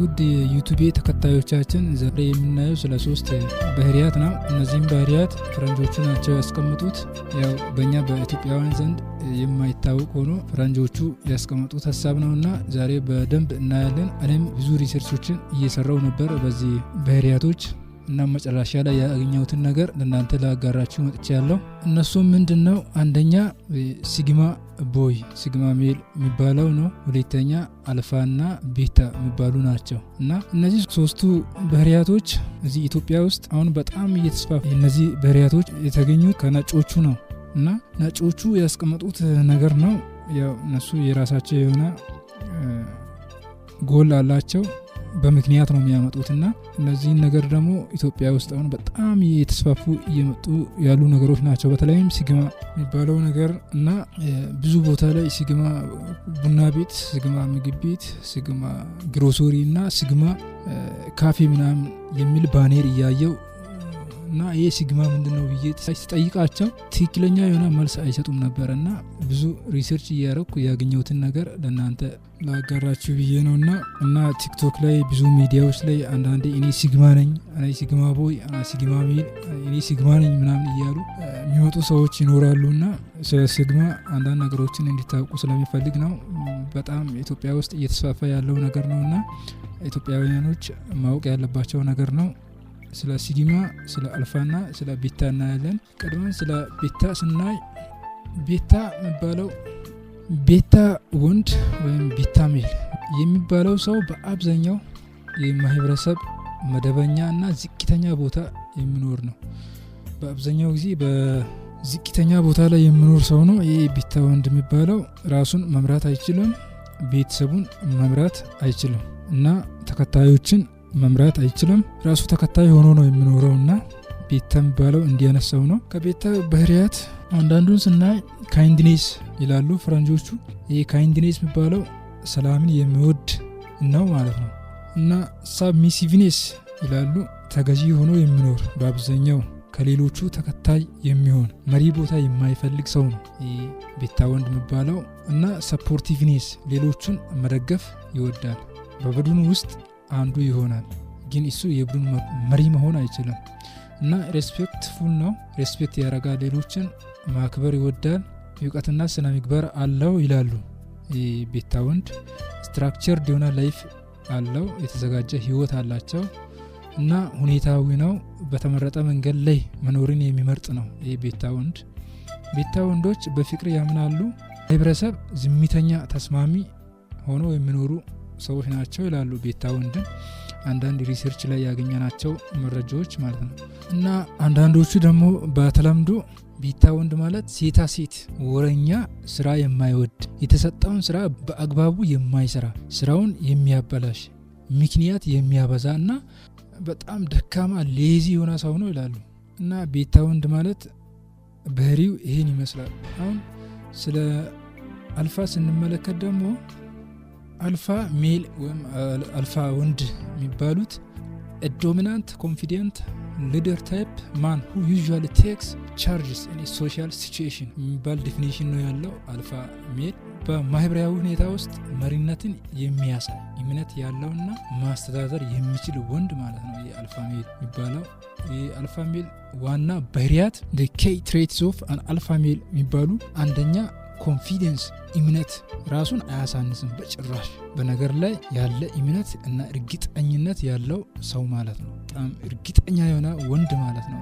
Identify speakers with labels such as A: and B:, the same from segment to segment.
A: ውድ የዩቱቤ ተከታዮቻችን ዛሬ የምናየው ስለ ሶስት ባህርያት ነው። እነዚህም ባህርያት ፈረንጆቹ ናቸው ያስቀምጡት። ያው በእኛ በኢትዮጵያውያን ዘንድ የማይታወቅ ሆኖ ፈረንጆቹ ያስቀመጡት ሀሳብ ነው እና ዛሬ በደንብ እናያለን። እኔም ብዙ ሪሰርቾችን እየሰራው ነበር በዚህ ባህርያቶች እና መጨረሻ ላይ ያገኘሁትን ነገር ለእናንተ ላጋራችሁ መጥቻ ያለው እነሱም ምንድን ነው አንደኛ ሲግማ ቦይ ሲግማ ሜል የሚባለው ነው። ሁለተኛ አልፋና ቤታ የሚባሉ ናቸው እና እነዚህ ሶስቱ ባህሪያቶች እዚህ ኢትዮጵያ ውስጥ አሁን በጣም እየተስፋፋ እነዚህ ባህሪያቶች የተገኙት ከነጮቹ ነው እና ነጮቹ ያስቀመጡት ነገር ነው። ያው እነሱ የራሳቸው የሆነ ጎል አላቸው። በምክንያት ነው የሚያመጡት እና እነዚህን ነገር ደግሞ ኢትዮጵያ ውስጥ አሁን በጣም የተስፋፉ እየመጡ ያሉ ነገሮች ናቸው። በተለይም ሲግማ የሚባለው ነገር እና ብዙ ቦታ ላይ ሲግማ ቡና ቤት፣ ሲግማ ምግብ ቤት፣ ሲግማ ግሮሶሪ እና ሲግማ ካፌ ምናምን የሚል ባኔር እያየው እና ይህ ሲግማ ምንድን ነው ብዬ ስጠይቃቸው ትክክለኛ የሆነ መልስ አይሰጡም ነበር እና ብዙ ሪሰርች እያረኩ ያገኘሁትን ነገር ለእናንተ ላጋራችሁ ብዬ ነው እና እና ቲክቶክ ላይ ብዙ ሚዲያዎች ላይ አንዳንዴ እኔ ሲግማ ነኝ፣ እኔ ሲግማ ቦይ፣ ሲግማ ሚል፣ እኔ ሲግማ ነኝ ምናምን እያሉ የሚወጡ ሰዎች ይኖራሉ እና ስለ ሲግማ አንዳንድ ነገሮችን እንዲታውቁ ስለሚፈልግ ነው። በጣም ኢትዮጵያ ውስጥ እየተስፋፋ ያለው ነገር ነው እና ኢትዮጵያውያኖች ማወቅ ያለባቸው ነገር ነው። ስለ ሲዲማ ስለ አልፋና ስለ ቤታ እናያለን። ቀድመን ስለ ቤታ ስናይ ቤታ የሚባለው ቤታ ወንድ ወይም ቤታ ሜል የሚባለው ሰው በአብዛኛው የማህበረሰብ መደበኛ እና ዝቅተኛ ቦታ የሚኖር ነው። በአብዛኛው ጊዜ በዝቅተኛ ቦታ ላይ የሚኖር ሰው ነው። ይህ ቤታ ወንድ የሚባለው ራሱን መምራት አይችልም፣ ቤተሰቡን መምራት አይችልም እና ተከታዮችን መምራት አይችልም። ራሱ ተከታይ ሆኖ ነው የሚኖረው እና ቤተ የሚባለው እንዲያነሳው ነው። ከቤተ ባህርያት አንዳንዱን ስናይ ካይንድኔስ ይላሉ ፈረንጆቹ። ይህ ካይንድኔስ የሚባለው ሰላምን የሚወድ ነው ማለት ነው እና ሳብሚሲቭኔስ ይላሉ ተገዢ ሆኖ የሚኖር በአብዛኛው ከሌሎቹ ተከታይ የሚሆን መሪ ቦታ የማይፈልግ ሰው ነው ቤታ ወንድ የሚባለው እና ሰፖርቲቪኔስ ሌሎቹን መደገፍ ይወዳል። በቡድኑ ውስጥ አንዱ ይሆናል። ግን እሱ የቡድን መሪ መሆን አይችልም እና ፉል ነው። ሬስፔክት ያረጋ ሌሎችን ማክበር ይወዳል፣ እውቀትና ስነ ምግበር አለው ይላሉ። ቤታ ወንድ ስትራክቸር ዲሆነ ላይፍ አለው፣ የተዘጋጀ ህይወት አላቸው እና ሁኔታዊ ነው። በተመረጠ መንገድ ላይ መኖርን የሚመርጥ ነው ይህ ቤታ ወንድ። ቤታ ወንዶች በፍቅር ያምናሉ። ህብረሰብ ዝሚተኛ ተስማሚ ሆነው የሚኖሩ ሰዎች ናቸው ይላሉ ቤታ ወንድም አንዳንድ ሪሰርች ላይ ያገኘናቸው መረጃዎች ማለት ነው። እና አንዳንዶቹ ደግሞ በተለምዶ ቢታ ወንድ ማለት ሴታ ሴት፣ ወረኛ፣ ስራ የማይወድ የተሰጠውን ስራ በአግባቡ የማይሰራ ስራውን የሚያበላሽ ምክንያት የሚያበዛ እና በጣም ደካማ ሌዚ የሆነ ሰው ነው ይላሉ። እና ቤታ ወንድ ማለት ባህሪው ይህን ይመስላል። አሁን ስለ አልፋ ስንመለከት ደግሞ አልፋ ሜል ወይም አልፋ ወንድ የሚባሉት ዶሚናንት ኮንፊደንት ሊደር ታይፕ ማን ሁ ዩዥዋሊ ቴክስ ቻርጅስ ሶሻል ሲቹኤሽን የሚባል ዲፊኒሽን ነው ያለው። አልፋ ሜል በማህበራዊ ሁኔታ ውስጥ መሪነትን የሚያሳይ እምነት ያለውና ማስተዳደር የሚችል ወንድ ማለት ነው የአልፋ ሜል የሚባለው። የአልፋ ሜል ዋና ባህሪያት ኬይ ትሬትስ ኦፍ አን አልፋ ሜል የሚባሉ አንደኛ ኮንፊደንስ እምነት ራሱን አያሳንስም በጭራሽ። በነገር ላይ ያለ እምነት እና እርግጠኝነት ያለው ሰው ማለት ነው። በጣም እርግጠኛ የሆነ ወንድ ማለት ነው።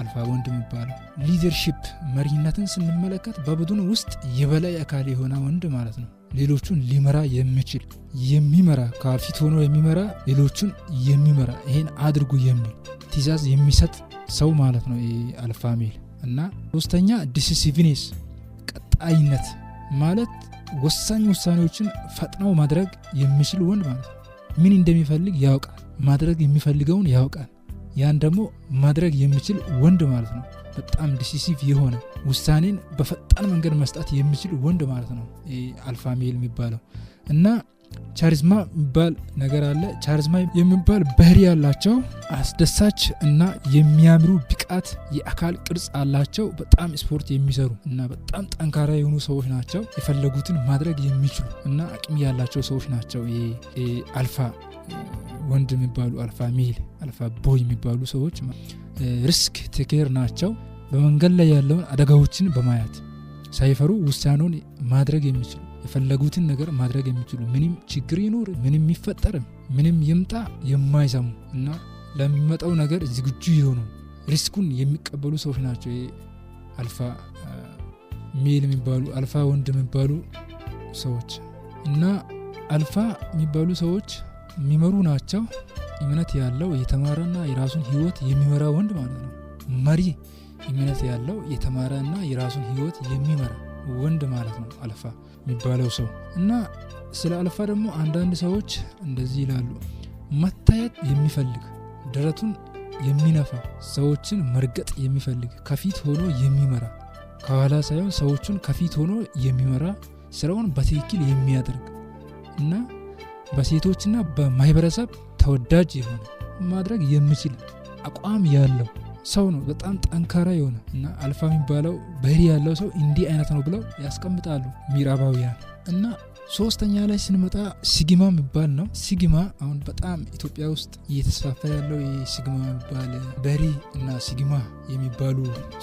A: አልፋ ወንድ የሚባለው ሊደርሽፕ መሪነትን ስንመለከት በቡድን ውስጥ የበላይ አካል የሆነ ወንድ ማለት ነው። ሌሎቹን ሊመራ የሚችል የሚመራ ከፊት ሆኖ የሚመራ ሌሎቹን የሚመራ ይሄን አድርጉ የሚል ትዛዝ የሚሰጥ ሰው ማለት ነው። አልፋ ሜል እና ሶስተኛ ዲሲሲቪኔስ ቀጣይነት ማለት ወሳኝ ውሳኔዎችን ፈጥነው ማድረግ የሚችል ወንድ ማለት ነው። ምን እንደሚፈልግ ያውቃል። ማድረግ የሚፈልገውን ያውቃል። ያን ደግሞ ማድረግ የሚችል ወንድ ማለት ነው። በጣም ዲሲሲቭ የሆነ ውሳኔን በፈጣን መንገድ መስጣት የሚችል ወንድ ማለት ነው አልፋሜል የሚባለው እና ቻሪዝማ የሚባል ነገር አለ። ቻሪዝማ የሚባል ባህሪ ያላቸው አስደሳች እና የሚያምሩ ብቃት፣ የአካል ቅርጽ አላቸው። በጣም ስፖርት የሚሰሩ እና በጣም ጠንካራ የሆኑ ሰዎች ናቸው። የፈለጉትን ማድረግ የሚችሉ እና አቅም ያላቸው ሰዎች ናቸው። አልፋ ወንድ የሚባሉ አልፋ ሚል አልፋ ቦይ የሚባሉ ሰዎች ሪስክ ትክር ናቸው። በመንገድ ላይ ያለውን አደጋዎችን በማየት ሳይፈሩ ውሳኔውን ማድረግ የሚችሉ የፈለጉትን ነገር ማድረግ የሚችሉ ምንም ችግር ይኖር ምንም ይፈጠርም ምንም ይምጣ የማይሰሙ እና ለሚመጣው ነገር ዝግጁ የሆኑ ሪስኩን የሚቀበሉ ሰዎች ናቸው። አልፋ ሜል የሚባሉ አልፋ ወንድ የሚባሉ ሰዎች እና አልፋ የሚባሉ ሰዎች የሚመሩ ናቸው። እምነት ያለው የተማረና የራሱን ህይወት የሚመራ ወንድ ማለት ነው። መሪ እምነት ያለው የተማረና የራሱን ህይወት የሚመራ ወንድ ማለት ነው አለፋ የሚባለው ሰው እና ስለ አለፋ ደግሞ አንዳንድ ሰዎች እንደዚህ ይላሉ። መታየት የሚፈልግ ደረቱን የሚነፋ ሰዎችን መርገጥ የሚፈልግ ከፊት ሆኖ የሚመራ ከኋላ ሳይሆን ሰዎቹን ከፊት ሆኖ የሚመራ ስራውን በትክክል የሚያደርግ እና በሴቶችና በማህበረሰብ ተወዳጅ የሆነ ማድረግ የሚችል አቋም ያለው ሰው ነው በጣም ጠንካራ የሆነ እና አልፋ የሚባለው ባህሪ ያለው ሰው እንዲህ አይነት ነው ብለው ያስቀምጣሉ ሚራባውያን እና ሶስተኛ ላይ ስንመጣ ሲግማ የሚባል ነው። ሲግማ አሁን በጣም ኢትዮጵያ ውስጥ እየተስፋፋ ያለው ሲግማ የሚባል በሪ እና ሲግማ የሚባሉ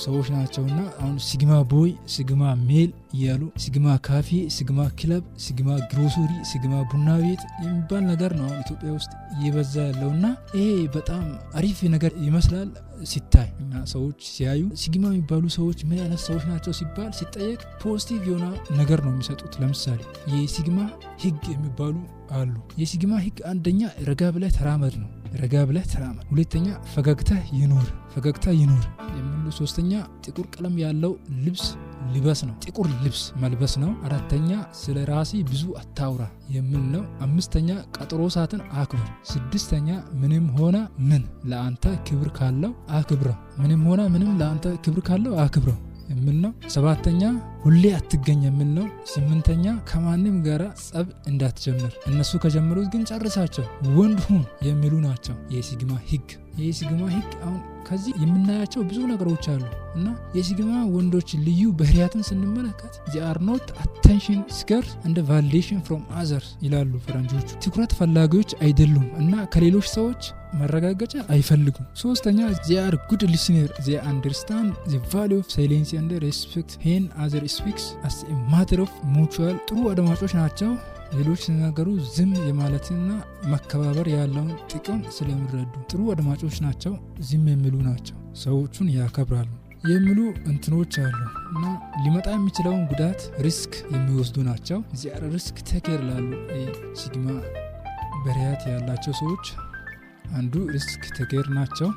A: ሰዎች ናቸው። እና አሁን ሲግማ ቦይ፣ ሲግማ ሜል እያሉ ሲግማ ካፌ፣ ሲግማ ክለብ፣ ሲግማ ግሮሶሪ ሲግማ ቡና ቤት የሚባል ነገር ነው አሁን ኢትዮጵያ ውስጥ እየበዛ ያለው እና ይሄ በጣም አሪፍ ነገር ይመስላል ሲታይ እና ሰዎች ሲያዩ ሲግማ የሚባሉ ሰዎች ምን አይነት ሰዎች ናቸው ሲባል ሲጠየቅ ፖዚቲቭ የሆነ ነገር ነው የሚሰጡት ለምሳሌ ለምሳሌ የሲግማ ህግ የሚባሉ አሉ። የሲግማ ህግ አንደኛ ረጋ ብለህ ተራመድ ነው። ረጋ ብለህ ተራመድ። ሁለተኛ ፈገግታ ይኑር፣ ፈገግታ ይኑር የሚሉ ሶስተኛ ጥቁር ቀለም ያለው ልብስ ልበስ ነው። ጥቁር ልብስ መልበስ ነው። አራተኛ ስለ ራሴ ብዙ አታውራ የምል ነው። አምስተኛ ቀጠሮ ሰዓትን አክብር። ስድስተኛ ምንም ሆነ ምን ለአንተ ክብር ካለው አክብረው። ምንም ሆነ ምንም ለአንተ ክብር ካለው አክብረው። የምን ነው። ሰባተኛ ሁሌ አትገኝ የምን ነው። ስምንተኛ ከማንም ጋር ጸብ እንዳትጀምር፣ እነሱ ከጀመሩት ግን ጨርሳቸው፣ ወንድ ሁን የሚሉ ናቸው የሲግማ ህግ። የሲግማ ህግ አሁን ከዚህ የምናያቸው ብዙ ነገሮች አሉ እና የሲግማ ወንዶች ልዩ ባህሪያትን ስንመለከት ዚአርኖት አቴንሽን ስገር እንደ ቫሊዴሽን ፍሮም አዘር ይላሉ ፈረንጆቹ። ትኩረት ፈላጊዎች አይደሉም እና ከሌሎች ሰዎች መረጋገጫ አይፈልጉም። ሶስተኛ ዚአር ጉድ ሊስነር ዚ አንደርስታንድ ዚ ቫሊ ኦፍ ሳይሌንሲ ንደ ሬስፔክት ሄን አዘር ስፒክስ አስ ማተር ኦፍ ሙቹዋል ጥሩ አድማጮች ናቸው። ሌሎች ሲናገሩ ዝም የማለትና መከባበር ያለውን ጥቅም ስለሚረዱ ጥሩ አድማጮች ናቸው። ዝም የሚሉ ናቸው። ሰዎቹን ያከብራሉ የሚሉ እንትኖች አሉ እና ሊመጣ የሚችለውን ጉዳት ሪስክ የሚወስዱ ናቸው። እዚያ ሪስክ ተኬር ላሉ ሲግማ በርያት ያላቸው ሰዎች አንዱ ሪስክ ተኬር ናቸው።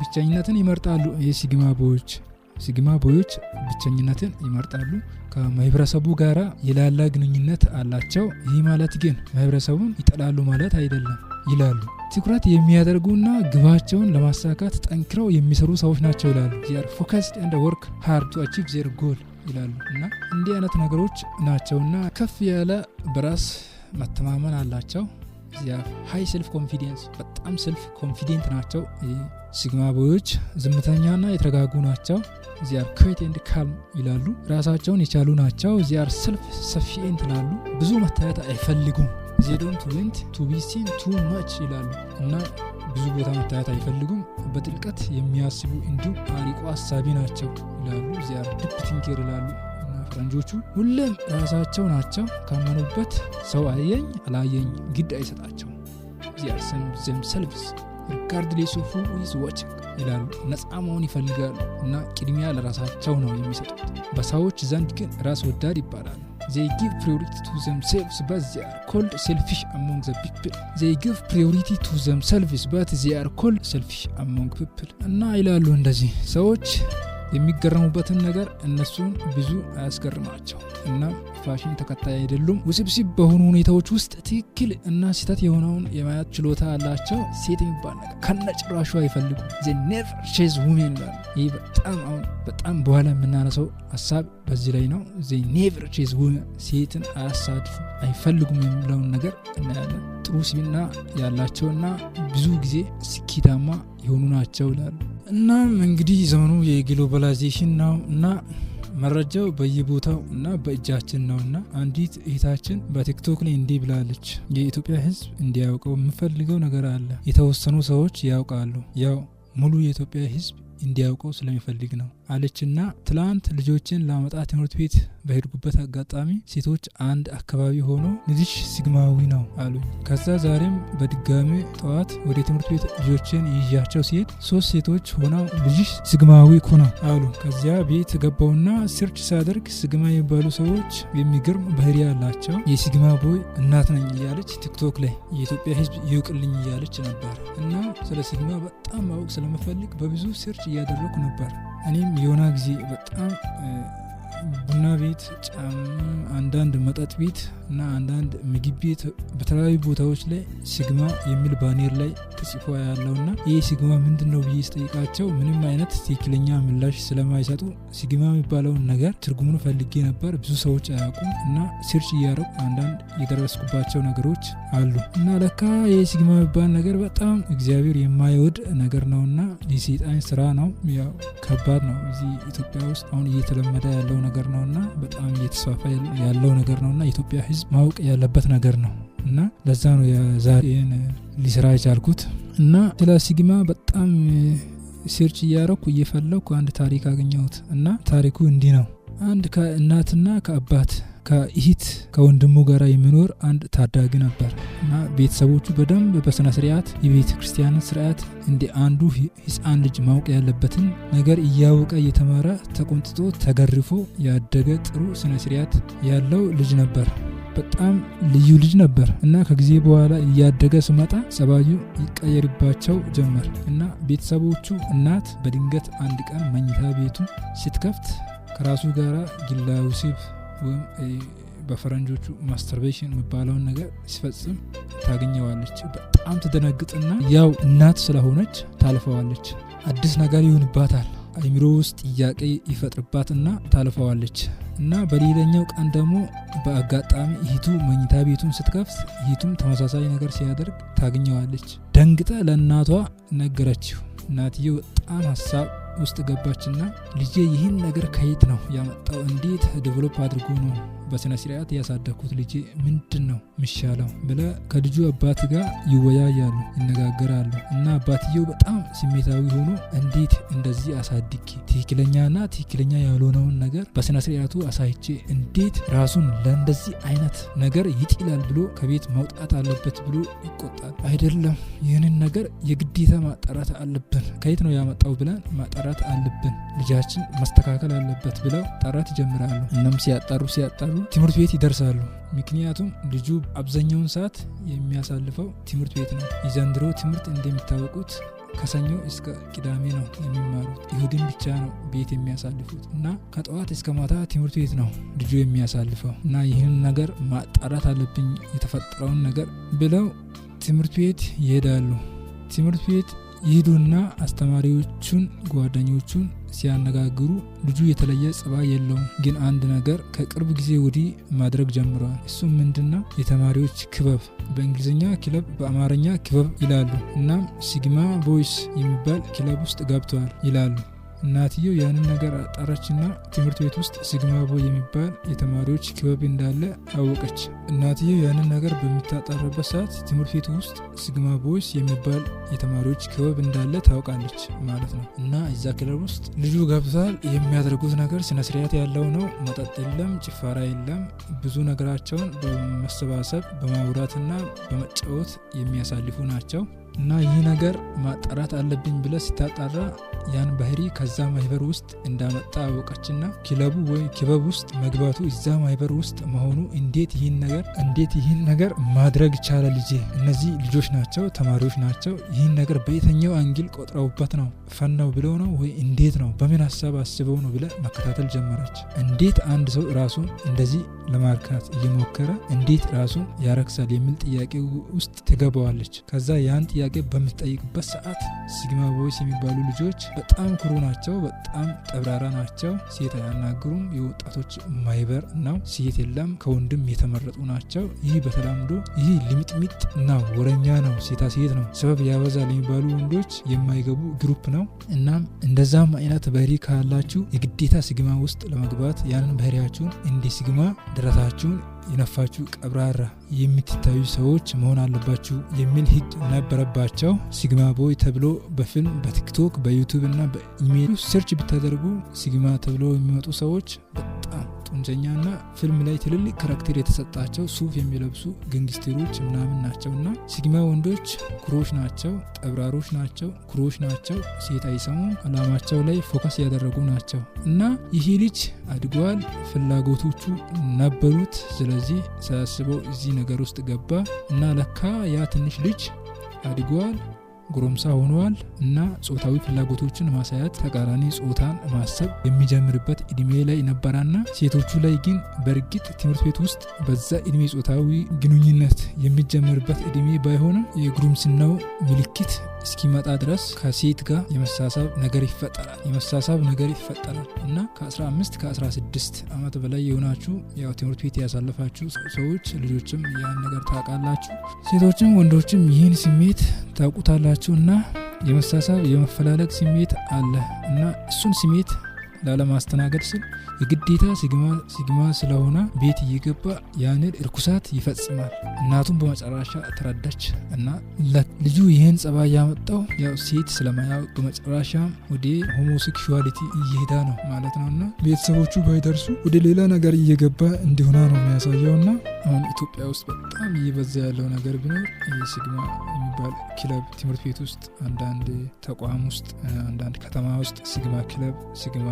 A: ብቸኝነትን ይመርጣሉ የሲግማ ቦዎች ሲግማ ቦዮች ብቸኝነትን ይመርጣሉ። ከማህበረሰቡ ጋራ የላላ ግንኙነት አላቸው። ይህ ማለት ግን ማህበረሰቡን ይጠላሉ ማለት አይደለም ይላሉ። ትኩረት የሚያደርጉና ግባቸውን ለማሳካት ጠንክረው የሚሰሩ ሰዎች ናቸው ይላሉ። ዚር ፎከስድ ኤንድ ወርክ ሃርድ ቱ አቺቭ ዜር ጎል ይላሉ። እና እንዲህ አይነት ነገሮች ናቸውና ከፍ ያለ በራስ መተማመን አላቸው። ሀይ ሰልፍ ኮንፊደንስ በጣም ሰልፍ ኮንፊደንት ናቸው ሲግማ ቦዮች ና የተረጋጉ ናቸው ዚአር ኩዌት ንድ ካልም ይላሉ ራሳቸውን የቻሉ ናቸው ዚአር ሰልፍ ሰፊኤንት ይላሉ ብዙ መታየት አይፈልጉም ዜዶን ቱዊንት ቱቢሲን ቱ ማች ይላሉ እና ብዙ ቦታ መታየት አይፈልጉም በጥልቀት የሚያስቡ እንዲሁም አሪቆ አሳቢ ናቸው ይላሉ ዚአር ዲፕ ቲንከር ይላሉ ፈረንጆቹ ሁሌም ራሳቸው ናቸው ካመኑበት ሰው አየኝ አላየኝ ግድ አይሰጣቸው ዚያስን ዘም ሰልቭስ ሪካርድ ሌሶፉ ዊዝ ዋች ይላሉ ነፃ መሆን ይፈልጋሉ እና ቅድሚያ ለራሳቸው ነው የሚሰጡት በሰዎች ዘንድ ግን ራስ ወዳድ ይባላል ዘይ ጊቭ ፕሪዮሪቲ ቱ ዘም ሰልቭስ በት ዚ ኮልድ ሰልፊሽ አሞንግ ዘ ፒፕል ዘይ ጊቭ ፕሪዮሪቲ ቱ ዘም ሰልቭስ በት ዚ ኮልድ ሰልፊሽ አሞንግ ፒፕል እና ይላሉ እንደዚህ ሰዎች የሚገረሙበትን ነገር እነሱን ብዙ አያስገርማቸው እና ፋሽን ተከታይ አይደሉም። ውስብስብ በሆኑ ሁኔታዎች ውስጥ ትክክል እና ስህተት የሆነውን የማያት ችሎታ ያላቸው ሴት የሚባል ነገር ከነጭራሹ አይፈልጉ ኔቨር ቼዝ ውሜን ይላሉ። ይህ በጣም አሁን በጣም በኋላ የምናነሰው ሀሳብ በዚህ ላይ ነው። ኔቨር ቼዝ ውሜን ሴትን አያሳድፉ አይፈልጉም የሚለውን ነገር እናያለን። ጥሩ ስብዕና ያላቸውና ብዙ ጊዜ ስኪታማ የሆኑ ናቸው ይላሉ። እናም እንግዲህ ዘመኑ የግሎባላይዜሽን ነው እና መረጃው በየቦታው እና በእጃችን ነው እና አንዲት እህታችን በቲክቶክ ላይ እንዲህ ብላለች። የኢትዮጵያ ህዝብ እንዲያውቀው የምፈልገው ነገር አለ። የተወሰኑ ሰዎች ያውቃሉ። ያው ሙሉ የኢትዮጵያ ህዝብ እንዲያውቀው ስለሚፈልግ ነው። አለችና ትላንት ልጆችን ላመጣ ትምህርት ቤት በሄድጉበት አጋጣሚ ሴቶች አንድ አካባቢ ሆኖ ልጅሽ ሲግማዊ ነው አሉኝ። ከዛ ዛሬም በድጋሚ ጠዋት ወደ ትምህርት ቤት ልጆችን ይዣቸው ሲሄድ ሶስት ሴቶች ሆነው ልጅሽ ሲግማዊ እኮ ነው አሉ። ከዚያ ቤት ገባውና ሰርች ሳደርግ ሲግማ የሚባሉ ሰዎች የሚገርም ባህሪ ያላቸው የሲግማ ቦይ እናት ነኝ እያለች ቲክቶክ ላይ የኢትዮጵያ ሕዝብ ይውቅልኝ እያለች ነበር እና ስለ ሲግማ በጣም ማወቅ ስለምፈልግ በብዙ ስርች እያደረኩ ነበር። እኔም የሆነ ጊዜ በጣም ቡና ቤት፣ አንዳንድ መጠጥ ቤት እና አንዳንድ ምግብ ቤት በተለያዩ ቦታዎች ላይ ሲግማ የሚል ባኔር ላይ ተጽፎ እና ይህ ሲግማ ምንድን ነው ብዬ ስጠይቃቸው ምንም አይነት ትክክለኛ ምላሽ ስለማይሰጡ ሲግማ የሚባለውን ነገር ትርጉሙን ፈልጌ ነበር፣ ብዙ ሰዎች አያውቁም እና ስርጭ እያረቁ አንዳንድ የደረስኩባቸው ነገሮች አሉ እና ለካ ይህ ሲግማ የሚባል ነገር በጣም እግዚአብሔር የማይወድ ነገር ነውና የሴጣኝ ስራ ነው። ያው ከባድ ነው። እዚህ ኢትዮጵያ ውስጥ አሁን እየተለመደ ያለው ነገር ነገር ነውና በጣም እየተስፋፋ ያለው ነገር ነውና የኢትዮጵያ ህዝብ ማወቅ ያለበት ነገር ነው እና ለዛ ነው የዛሬን ሊስራ የቻልኩት እና ስለ ሲግማ በጣም ሴርች እያረኩ እየፈለኩ አንድ ታሪክ አገኘሁት እና ታሪኩ እንዲህ ነው። አንድ ከእናትና ከአባት ከኢት ከወንድሙ ጋር የሚኖር አንድ ታዳጊ ነበር እና ቤተሰቦቹ በደንብ በስነ ስርዓት የቤተ ክርስቲያን ስርዓት እንደ አንዱ ህፃን ልጅ ማወቅ ያለበትን ነገር እያወቀ እየተማረ ተቆንጥጦ ተገርፎ ያደገ ጥሩ ስነ ስርዓት ያለው ልጅ ነበር። በጣም ልዩ ልጅ ነበር እና ከጊዜ በኋላ እያደገ ስመጣ ጸባዩ ይቀየርባቸው ጀመር እና ቤተሰቦቹ እናት በድንገት አንድ ቀን መኝታ ቤቱ ስትከፍት ከራሱ ጋር ግላዊ ወይም በፈረንጆቹ ማስተርቤሽን የሚባለውን ነገር ሲፈጽም ታገኘዋለች። በጣም ትደነግጥና ያው እናት ስለሆነች ታልፈዋለች። አዲስ ነገር ይሆንባታል። አይምሮ ውስጥ ጥያቄ ይፈጥርባትና ታልፈዋለች እና በሌላኛው ቀን ደግሞ በአጋጣሚ ይቱ መኝታ ቤቱን ስትከፍት ይቱም ተመሳሳይ ነገር ሲያደርግ ታገኘዋለች። ደንግጠ ለእናቷ ነገረችው። እናትየው በጣም ሀሳብ ውስጥ ገባችና ልጄ ይህን ነገር ከየት ነው ያመጣው? እንዴት ዴቨሎፕ አድርጎ ነው በስነ ስርዓት ያሳደግኩት ልጅ ምንድን ነው ምሻለው ብለ ከልጁ አባት ጋር ይወያያሉ፣ ይነጋገራሉ እና አባትየው በጣም ስሜታዊ ሆኖ እንዴት እንደዚህ አሳድጌ ትክክለኛና ትክክለኛ ያልሆነውን ነገር በስነ ስርዓቱ አሳይቼ እንዴት ራሱን ለእንደዚህ አይነት ነገር ይጥላል ብሎ ከቤት መውጣት አለበት ብሎ ይቆጣል። አይደለም ይህንን ነገር የግዴታ ማጣራት አለብን፣ ከየት ነው ያመጣው ብለን ማጣራት አለብን፣ ልጃችን መስተካከል አለበት ብለው ጣራት ይጀምራሉ። እናም ሲያጣሩ ሲያጣሩ ትምህርት ቤት ይደርሳሉ። ምክንያቱም ልጁ አብዛኛውን ሰዓት የሚያሳልፈው ትምህርት ቤት ነው። የዘንድሮ ትምህርት እንደሚታወቁት ከሰኞ እስከ ቅዳሜ ነው የሚማሩት። ይሁድን ብቻ ነው ቤት የሚያሳልፉት እና ከጠዋት እስከ ማታ ትምህርት ቤት ነው ልጁ የሚያሳልፈው እና ይህን ነገር ማጣራት አለብኝ የተፈጠረውን ነገር ብለው ትምህርት ቤት ይሄዳሉ። ትምህርት ቤት ይሄዱና አስተማሪዎቹን ጓደኞቹን ሲያነጋግሩ ልጁ የተለየ ጽባ የለውም፣ ግን አንድ ነገር ከቅርብ ጊዜ ወዲህ ማድረግ ጀምረዋል። እሱም ምንድና የተማሪዎች ክበብ በእንግሊዝኛ ክለብ፣ በአማርኛ ክበብ ይላሉ። እናም ሲግማ ቮይስ የሚባል ክለብ ውስጥ ገብተዋል ይላሉ። እናትየው ያንን ነገር አጣራችና ትምህርት ቤት ውስጥ ሲግማቦ የሚባል የተማሪዎች ክበብ እንዳለ አወቀች። እናትየው ያንን ነገር በሚታጣረበት ሰዓት ትምህርት ቤት ውስጥ ሲግማቦዎች የሚባል የተማሪዎች ክበብ እንዳለ ታውቃለች ማለት ነው። እና እዛ ክለብ ውስጥ ልጁ ገብቷል። የሚያደርጉት ነገር ስነስርዓት ያለው ነው። መጠጥ የለም፣ ጭፈራ የለም። ብዙ ነገራቸውን በመሰባሰብ በማውራትና በመጫወት የሚያሳልፉ ናቸው። እና ይህ ነገር ማጣራት አለብኝ ብለ ስታጣራ ያን ባህሪ ከዛ ማህበር ውስጥ እንዳመጣ አወቀችና ክለቡ ወይ ክበብ ውስጥ መግባቱ እዛ ማህበር ውስጥ መሆኑ እንዴት ይህን ነገር እንዴት ይህን ነገር ማድረግ ይቻለ ልጄ እነዚህ ልጆች ናቸው ተማሪዎች ናቸው ይህን ነገር በየተኛው አንግል ቆጥረውበት ነው ፈነው ብለው ነው ወይ እንዴት ነው በምን ሀሳብ አስበው ነው ብለ መከታተል ጀመረች እንዴት አንድ ሰው ራሱን እንደዚህ ለማርካት እየሞከረ እንዴት ራሱን ያረክሳል የሚል ጥያቄ ውስጥ ትገባዋለች ከዛ ያን ጥያቄ በምትጠይቅበት ሰዓት ሲግማ ቦይስ የሚባሉ ልጆች በጣም ክሩ ናቸው። በጣም ጠብራራ ናቸው። ሴት አያናግሩም። የወጣቶች ማይበር ነው። ሴት የለም። ከወንድም የተመረጡ ናቸው። ይህ በተላምዶ ይህ ልሚጥሚጥ እና ወረኛ ነው። ሴታ ሴት ነው። ሰበብ ያበዛል የሚባሉ ወንዶች የማይገቡ ግሩፕ ነው። እናም እንደዛም አይነት በሪ ካላችሁ የግዴታ ሲግማ ውስጥ ለመግባት ያንን ባህሪያችሁን እንዲ ሲግማ ድረታችሁን የነፋችሁ ቀብራራ የምትታዩ ሰዎች መሆን አለባችሁ የሚል ሂድ ነበረባቸው። ሲግማ ቦይ ተብሎ በፊልም በቲክቶክ በዩቱብ እና በኢሜል ሰርች ብታደርጉ ሲግማ ተብሎ የሚመጡ ሰዎች ጡንቸኛና ፊልም ላይ ትልልቅ ካራክተር የተሰጣቸው ሱፍ የሚለብሱ ገንግስቴሮች ምናምን ናቸው እና ሲግማ ወንዶች ኩሮች ናቸው፣ ጠብራሮች ናቸው፣ ኩሮች ናቸው። ሴት አይሰሙም፣ አላማቸው ላይ ፎከስ ያደረጉ ናቸው እና ይህ ልጅ አድገዋል ፍላጎቶቹ ነበሩት። ስለዚህ ሳያስበው እዚህ ነገር ውስጥ ገባ እና ለካ ያ ትንሽ ልጅ አድጓል ጎረምሳ ሆነዋል እና ጾታዊ ፍላጎቶችን ማሳያት ተቃራኒ ጾታን ማሰብ የሚጀምርበት እድሜ ላይ ነበረና ሴቶቹ ላይ ግን በእርግጥ ትምህርት ቤት ውስጥ በዛ እድሜ ጾታዊ ግንኙነት የሚጀምርበት እድሜ ባይሆንም የጉርምስናው ምልክት እስኪመጣ ድረስ ከሴት ጋር የመሳሳብ ነገር ይፈጠራል። የመሳሳብ ነገር ይፈጠራል እና ከ15 ከ16 ዓመት በላይ የሆናችሁ ያው ትምህርት ቤት ያሳለፋችሁ ሰዎች ልጆችም ያን ነገር ታውቃላችሁ። ሴቶችም ወንዶችም ይህን ስሜት ታውቁታላችሁ እና የመሳሳብ የመፈላለግ ስሜት አለ እና እሱን ስሜት ላለማስተናገድ ስል በግዴታ ሲግማ ስለሆነ ቤት እየገባ ያንን እርኩሳት ይፈጽማል። እናቱም በመጨረሻ ተረዳች እና ልጁ ይህን ጸባ ያመጣው ያው ሴት ስለማያውቅ በመጨረሻ ወደ ሆሞሴክሹዋሊቲ እየሄዳ ነው ማለት ነው እና ቤተሰቦቹ ባይደርሱ ወደ ሌላ ነገር እየገባ እንዲሆና ነው የሚያሳየው እና አሁን ኢትዮጵያ ውስጥ በጣም እየበዛ ያለው ነገር ቢኖር ሲግማ የሚባል ክለብ ትምህርት ቤት ውስጥ፣ አንዳንድ ተቋም ውስጥ፣ አንዳንድ ከተማ ውስጥ ሲግማ ክለብ፣ ሲግማ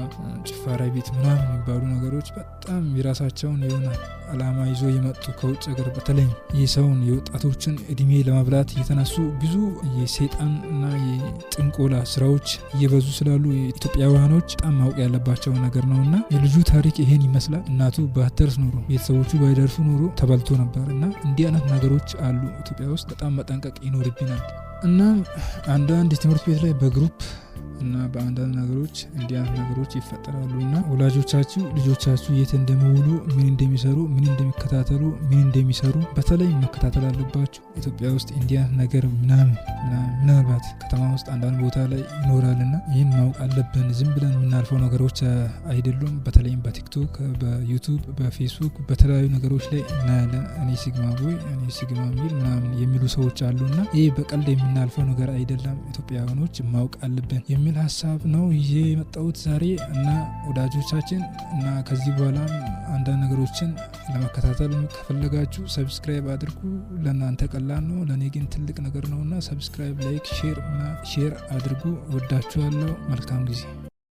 A: ጭፋራ ቤት ምናምን የሚባሉ ነገሮች በጣም የራሳቸውን የሆነ አላማ ይዞ የመጡ ከውጭ ሀገር በተለይ የሰውን የወጣቶችን እድሜ ለመብላት የተነሱ ብዙ የሴጣን እና የጥንቆላ ስራዎች እየበዙ ስላሉ ኢትዮጵያውያኖች በጣም ማወቅ ያለባቸው ነገር ነው እና የልጁ ታሪክ ይሄን ይመስላል። እናቱ ባትደርስ ኖሮ ቤተሰቦቹ ባይደርሱ ኖሮ ተበልቶ ነበር እና እንዲህ አይነት ነገሮች አሉ ኢትዮጵያ ውስጥ በጣም መጠንቀቅ ይኖርብናል። እናም አንዳንድ ትምህርት ቤት ላይ በግሩፕ እና በአንዳንድ ነገሮች እንዲህ ነገሮች ይፈጠራሉ እና ወላጆቻችሁ ልጆቻችሁ የት እንደሚውሉ፣ ምን እንደሚሰሩ፣ ምን እንደሚከታተሉ፣ ምን እንደሚሰሩ በተለይ መከታተል አለባችሁ። ኢትዮጵያ ውስጥ እንዲህ ነገር ምናምን ምናልባት ከተማ ውስጥ አንዳንድ ቦታ ላይ ና ይህን ማወቅ አለብን። ዝም ብለን የምናልፈው ነገሮች አይደሉም። በተለይም በቲክቶክ፣ በዩቱብ፣ በፌስቡክ በተለያዩ ነገሮች ላይ እናያለን። እኔ ሲግማ ቦይ እኔ ሲግማ ሚል ምናምን የሚሉ ሰዎች እና ይህ በቀልድ የምናልፈው ነገር አይደለም። ኢትዮጵያውያኖች ማወቅ አለብን። የሚል ሀሳብ ነው ይዤ የመጣሁት ዛሬ እና ወዳጆቻችን እና ከዚህ በኋላ አንዳንድ ነገሮችን ለመከታተል ከፈለጋችሁ ሰብስክራይብ አድርጉ። ለእናንተ ቀላል ነው፣ ለእኔ ግን ትልቅ ነገር ነው እና ሰብስክራይብ፣ ላይክ፣ ሼር እና ሼር አድርጉ። ወዳችኋለሁ። መልካም ጊዜ